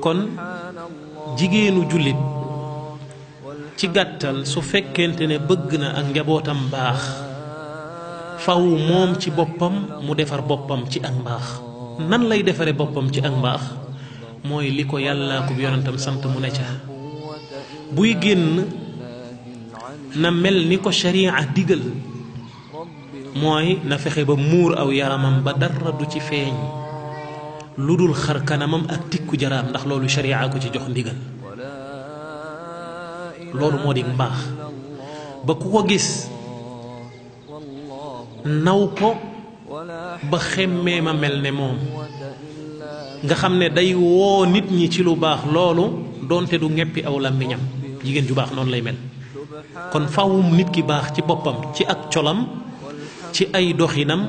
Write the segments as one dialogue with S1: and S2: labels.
S1: kon jigéenu jullit ci gàttal su fekkente ne bëgg na ak njabootam baax faw moom ci boppam mu defar boppam ci ak mbaax nan lay defare boppam ci ak mbaax mooy li ko yàllaa ko yonentam sant mu ne ca buy génn na mel ni ko sharia digal mooy na fexe ba muur aw yaramam ba dara du ci feeñ ludul xar kanamam ak tikku jaraam ndax loolu sharia ko ci jox ndigal loolu moo di mbaax ba ku ko gis naw ko ba xemmee ma mel ne nga xam day woo nit ñi ci lu baax loolu donte du ngeppi aw miñam jigéen ju baax noonu lay mel kon fawum nit ki baax ci boppam ci ak colam ci ay doxinam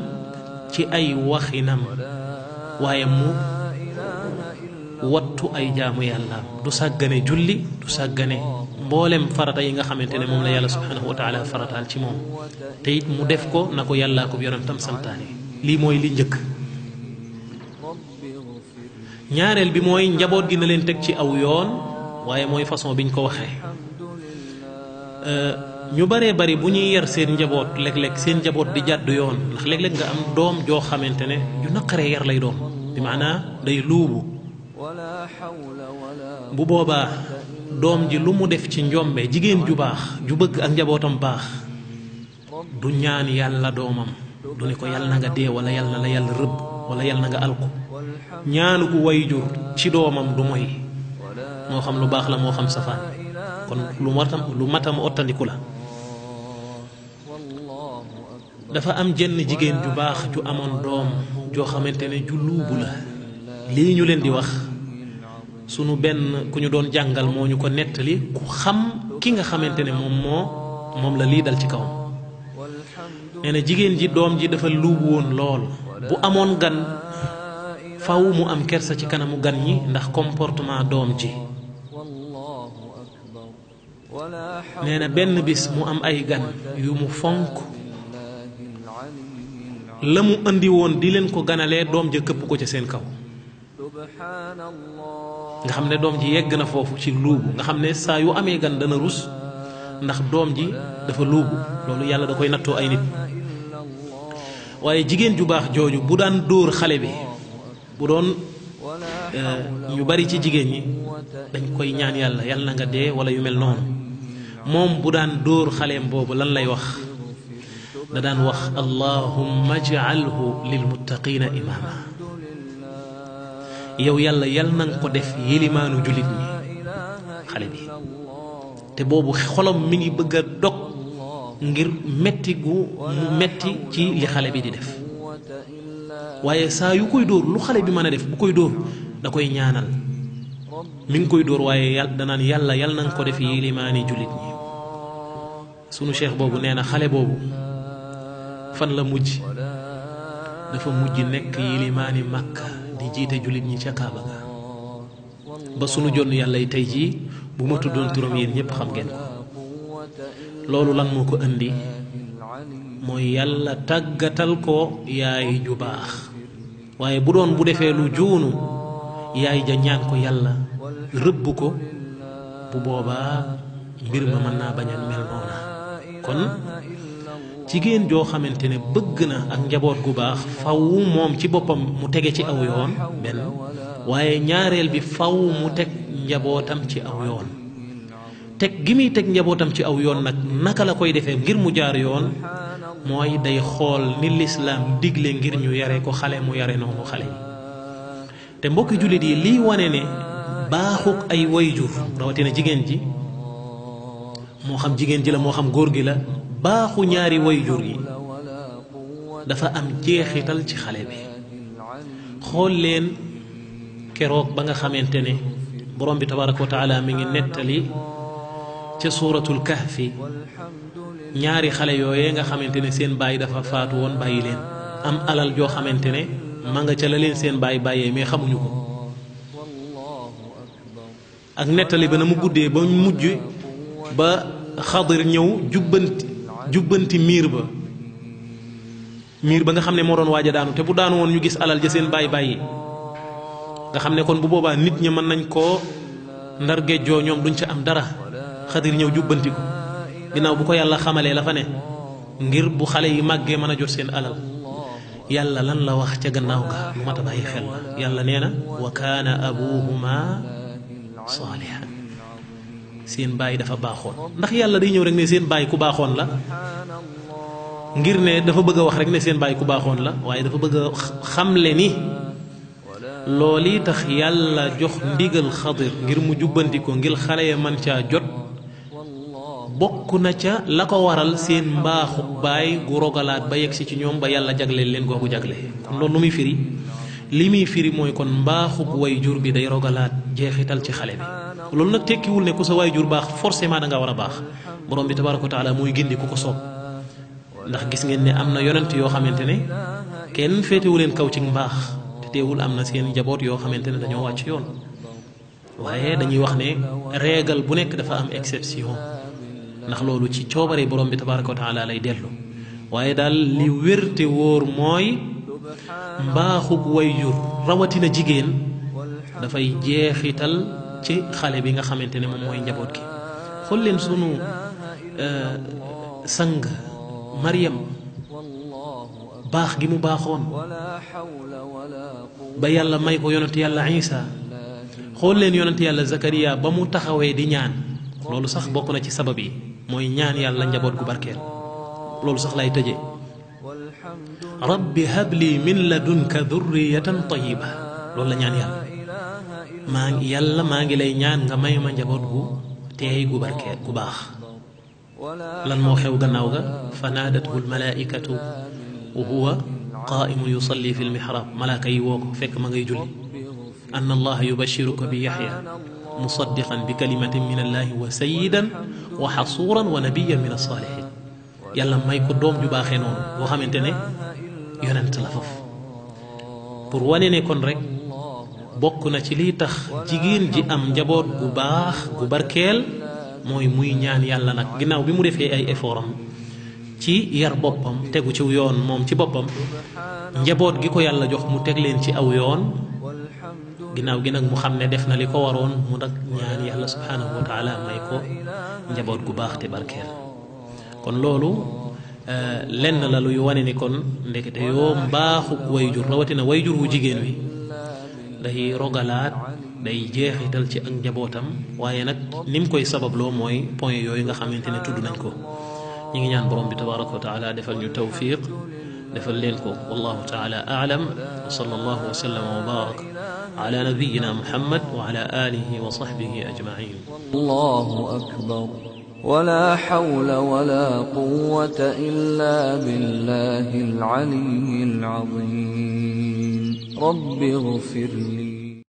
S1: ci ay waxinam waaye mu wattu ay jaamu yàllaam du sàggane julli du sàggane mboolem farata yi nga xamante ne moom la yàlla subhaanahu wa farataal ci moom te mu def ko na ko yàllaa ko yonentam santaane lii mooy li njëkk ñaareel bi mooy njaboot gi na leen teg ci aw yoon waaye mooy façon biñ ko waxee euh, ñu bare bari bu ñuy yar seen njaboot léeg-léeg seen njaboot di jàdd yoon ndax léeg-léeg nga am doom joo xamante ne ju naqaree yar lay doon bi maanaa day luubu bu boobaa doom ji lu mu def ci njombe jigéen ju baax ju bëgg ak njabootam baax du ñaan yàlla doomam du ne ko yàlla na nga dee wala yàlla la yàlla rëbb wala yàlla na nga alku ñaanu gu wayjur ci doomam du moy moo xam lu baax la moo xam safaan kon lu matam lu matam ottandiku la dafa am jenn jigéen ju baax ju amoon doom joo xamante ne ju luubu la lii ñu leen di wax sunu benn ku ñu doon jàngal moo ñu ko nettali ku xam ki nga xamante ne moom moo moom la lii dal ci kawam nee na jigéen ji doom ji dafa luubu woon lool bu amoon gan faw mu am kersa ci kanamu gan ñi ndax comportement doom ji nee benn bis mu am ay gan yu mu fonk lamu andi won di len ko ganalee dom je këpp ko ci sen kaw nga xam dom ji yegg na fofu ci nga sa yu amé gan dana rus ndax dom ji dafa luubu lolou yalla da koy natto ay nit waaye jigen ju bax joju bu dan dor xalé bi bu don yu eh, bari ci jigen ñi dañ koy ñaan yalla yalla nga wala yu mel non mom bu dan dor xaleem lan lay wax ددان وخ اللهم اجعله للمتقين اماما yow yàlla yal nang ko def yelimaanu julit ñi xale bi te boobu xolam mi ngi bëgg a dog ngir metti gu mu metti ci li xale bi di def waaye saa yu koy dóor lu xale bi mën a def bu koy dóor da koy ñaanal mi ngi koy dóor waaye yàlla danaan yàlla yal nang ko def yelimaani julit ñi sunu cheikh boobu nee na xale boobu fan la mujj dafa mujj nekk yilimaani Makka di jiite jullit ñi ca Kaaba ga ba sunu jonn yàllay tey ji bu ma tuddoon turam yéen ñépp xam ngeen ko loolu lan moo ko indi mooy yàlla tàggatal ko yaay ju baax waaye bu doon bu defee lu juunu yaay ja ñaan ko yàlla rëbb ko bu boobaa mbir ma mën naa bañ a mel kon jigéen joo xamante ne bëgg na ak njaboot gu baax faw moom ci boppam mu tege ci aw yoon benn waaye ñaareel bi faw mu teg njabootam ci aw yoon teg gi muy teg njabootam ci aw yoon nag naka la koy defee ngir mu jaar yoon mooy day xool ni lislaam digle ngir ñu yare ko xale mu yare noonu xale yi te mbokki jullit yi liy wane ne baaxuk ay wayjur rawatina jigéen ji moo xam jigéen ji la moo xam góor gi la baaxu ñaari wayjur yi dafa am jeexital ci xale bi xool leen keroog ba nga xamante ne borom bi tabaraka wa taala mi ngi nettali ca suuratul kahfi ñaari xale yooyee nga xamante ne seen baay dafa faatu woon bàyyi leen am alal joo xamante ne ma nga ca la leen seen baay bàyyee mais xamuñu ko ak nettali ba na mu guddee ba mujj ba xadir ñëw jubbanti jubbanti miir ba miir ba nga xam ne moo doon waaja a daanu te bu daanu woon ñu gis alal ja seen baay bàyyi nga xam ne kon bu boobaa nit ñi mën nañ koo ndar joo ñoom duñ ca am dara xadir ñëw jubbanti ko ginnaaw bu ko yàlla xamalee la fa ne ngir bu xale yi màggee mën a jot seen alal yàlla lan la wax ca gannaaw ga lu mat xel la yàlla nee na wa kaana abuhuma saalihan seen baay dafa baxone ndax yalla day ñew rek ne seen baay ku baxone la ngir ne dafa bëgg wax rek ne seen baay ku baxone la waye dafa bëgg xamle ni loli tax yalla jox ndigal khadir ngir mu jubanti ko ngir xalé ya man ca jot bokku na ca la ko waral seen baxu baay gu rogalat ba yegsi ci ñom ba yalla jaglé leen googu jagle kon loolu firi limi firi moy kon mbaaxub way jur bi day rogalat jeexital ci xalé bi loolu nag tekkiwul ne ku sa waajur baax forcément da ngaa war a baax borom bi tabaaraka wa taala mooy génne ku ko soob ndax gis ngeen ni am na yonent yoo xamante ne kenn féetewu leen kaw ci mbaax te teewul am na seen njaboot yoo xamante ne dañoo wàcc yoon waaye dañuy wax ne reegal bu nekk dafa am exception ndax loolu ci coobare borom bi tabaaraka wa taala lay dellu waaye daal li wérte te wóor mooy mbaaxug waajur rawatina jigéen dafay jeexital. ci xale bi nga xamante ne moom mooy njaboot gi xool leen sunu euh, sang Mariam baax gi mu baaxoon ba yàlla may ko yonent yàlla Isa xool leen yonent yàlla Zakariya ba mu taxawee di ñaan loolu sax bokk na ci sabab yi mooy ñaan yàlla njaboot gu barkeel loolu sax lay tëje rabbi habli min ladunka durriyatan tayiba loolu la ñaan yàlla maa yàlla maa ngi lay ñaan nga may ma njaboot gu teey gu barke gu baax lan moo xew gannaaw ga fanaadathu almalaikatu wa huwa qaa'imu yusalli fi lmixraab malaaka yi woo ko fekk ma ngay julli أن الله يبشرك بيحيى مصدقا بكلمة من الله وسيدا وحصورا ونبيا من الصالحين يلا wa nabiyan دوم alsaalihin yàlla may ko doom ju baaxee noonu boo xamante ne yonent bokk na ci liy tax jigéen ji am njaboot gu baax gu barkeel mooy muy ñaan yàlla nag ginnaaw bi mu defee ay effort ci yar boppam tegu ci yoon moom ci boppam njaboot gi ko yàlla jox mu teg leen ci aw yoon ginnaaw gi nag mu xam ne def na li ko waroon mu nag ñaan yàlla subhaanahu wa taala may ko njaboot gu baax te barkeel kon loolu eh, lenn la luy wane ni kon ndekete yoo mbaaxu wayjur rawatina wayjur wu jigéen wi day rogalaat day jeexital ci ak njabootam waaye nag ni mu koy sababloo mooy point yooyu nga xamante ne tudd nañ ko ñi ngi ñaan borom bi tabaraka wa taala defal ñu tawfiq defal leen ko wallahu taala aalam wa sallallahu wa sallama wa barak على نبينا محمد وعلى آله وصحبه أجمعين الله أكبر ولا حول ولا قوة إلا بالله العلي العظيم رب اغفر لي